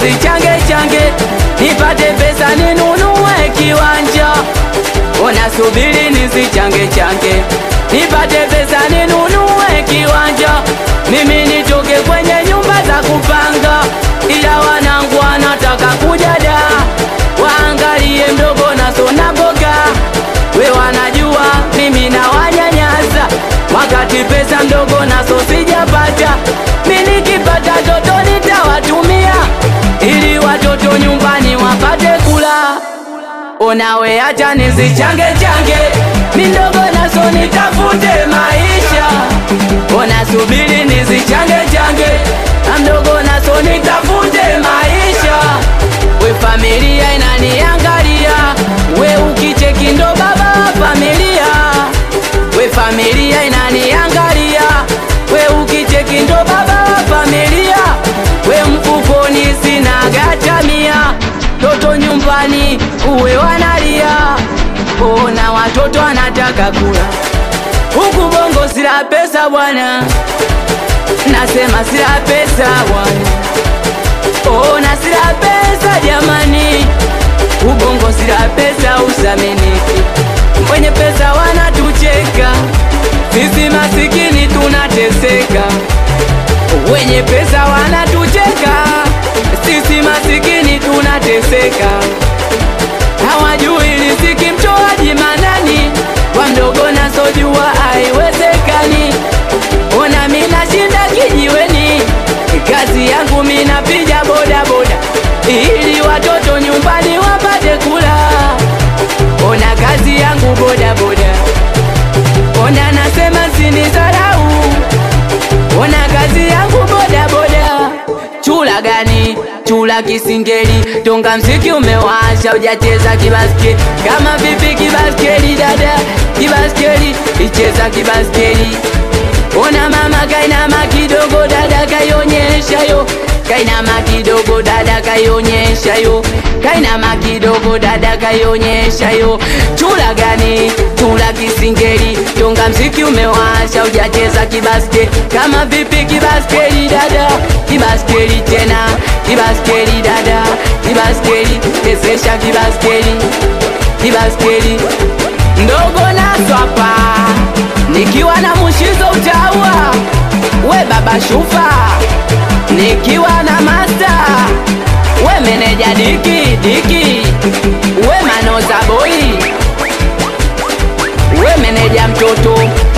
kazi change change, nipate pesa ninunue kiwanja. Unasubiri nisi change, nipate pesa ninunue kiwanja, mimi nitoke kwenye nyumba za kupanga, ila wanangu wanataka kuja da, waangalie mdogo naso na boga, we wanajua mimi na wanyanyaza wakati pesa mdogo naso unawe acha nizichange change, ni ndogo nitafute maisha, unasubiri nizichange change, amdogo naso nitafute maisha, we familia inaniangalia, we ukicheki ndo baba familia, we familia nyumbani uwe wanalia, ona watoto anataka kula, huku bongo sila pesa bwana, nasema sila pesa bwana, ona sila pesa jamani, ubongo sila pesa usaminiki, mwenye pesa wanatucheka sisi masikini tunateseka, wenye pesa wana wanateseka, hawajui riziki mtoaji manani, wamdogo nasojua haiwezekani. Ona mina shinda kijiweni, kazi yangu minapija pija bodaboda ili watoto nyumbani chula kisingeli, tonga mziki umewasha, ujacheza kibaskeli kama vipi? Kibaskeli dada, kibaskeli icheza kibaskeli, ona mama kainama kidogo, dada kaionyesha yo kainama kidogo dada kayonyesha yo kainama kidogo dada kayonyesha yo chula gani chula kisingeli tonga mziki umewasha ujacheza kibaske kama vipi kibaskeli dada kibaskeli tena kibaskeli dada kibaskeli kesesha kibaskeli kibaskeli ndogo na swapa nikiwa na mushizo utaua we baba shufa nikiwa meneja diki diki, we manoza boy, we meneja mtoto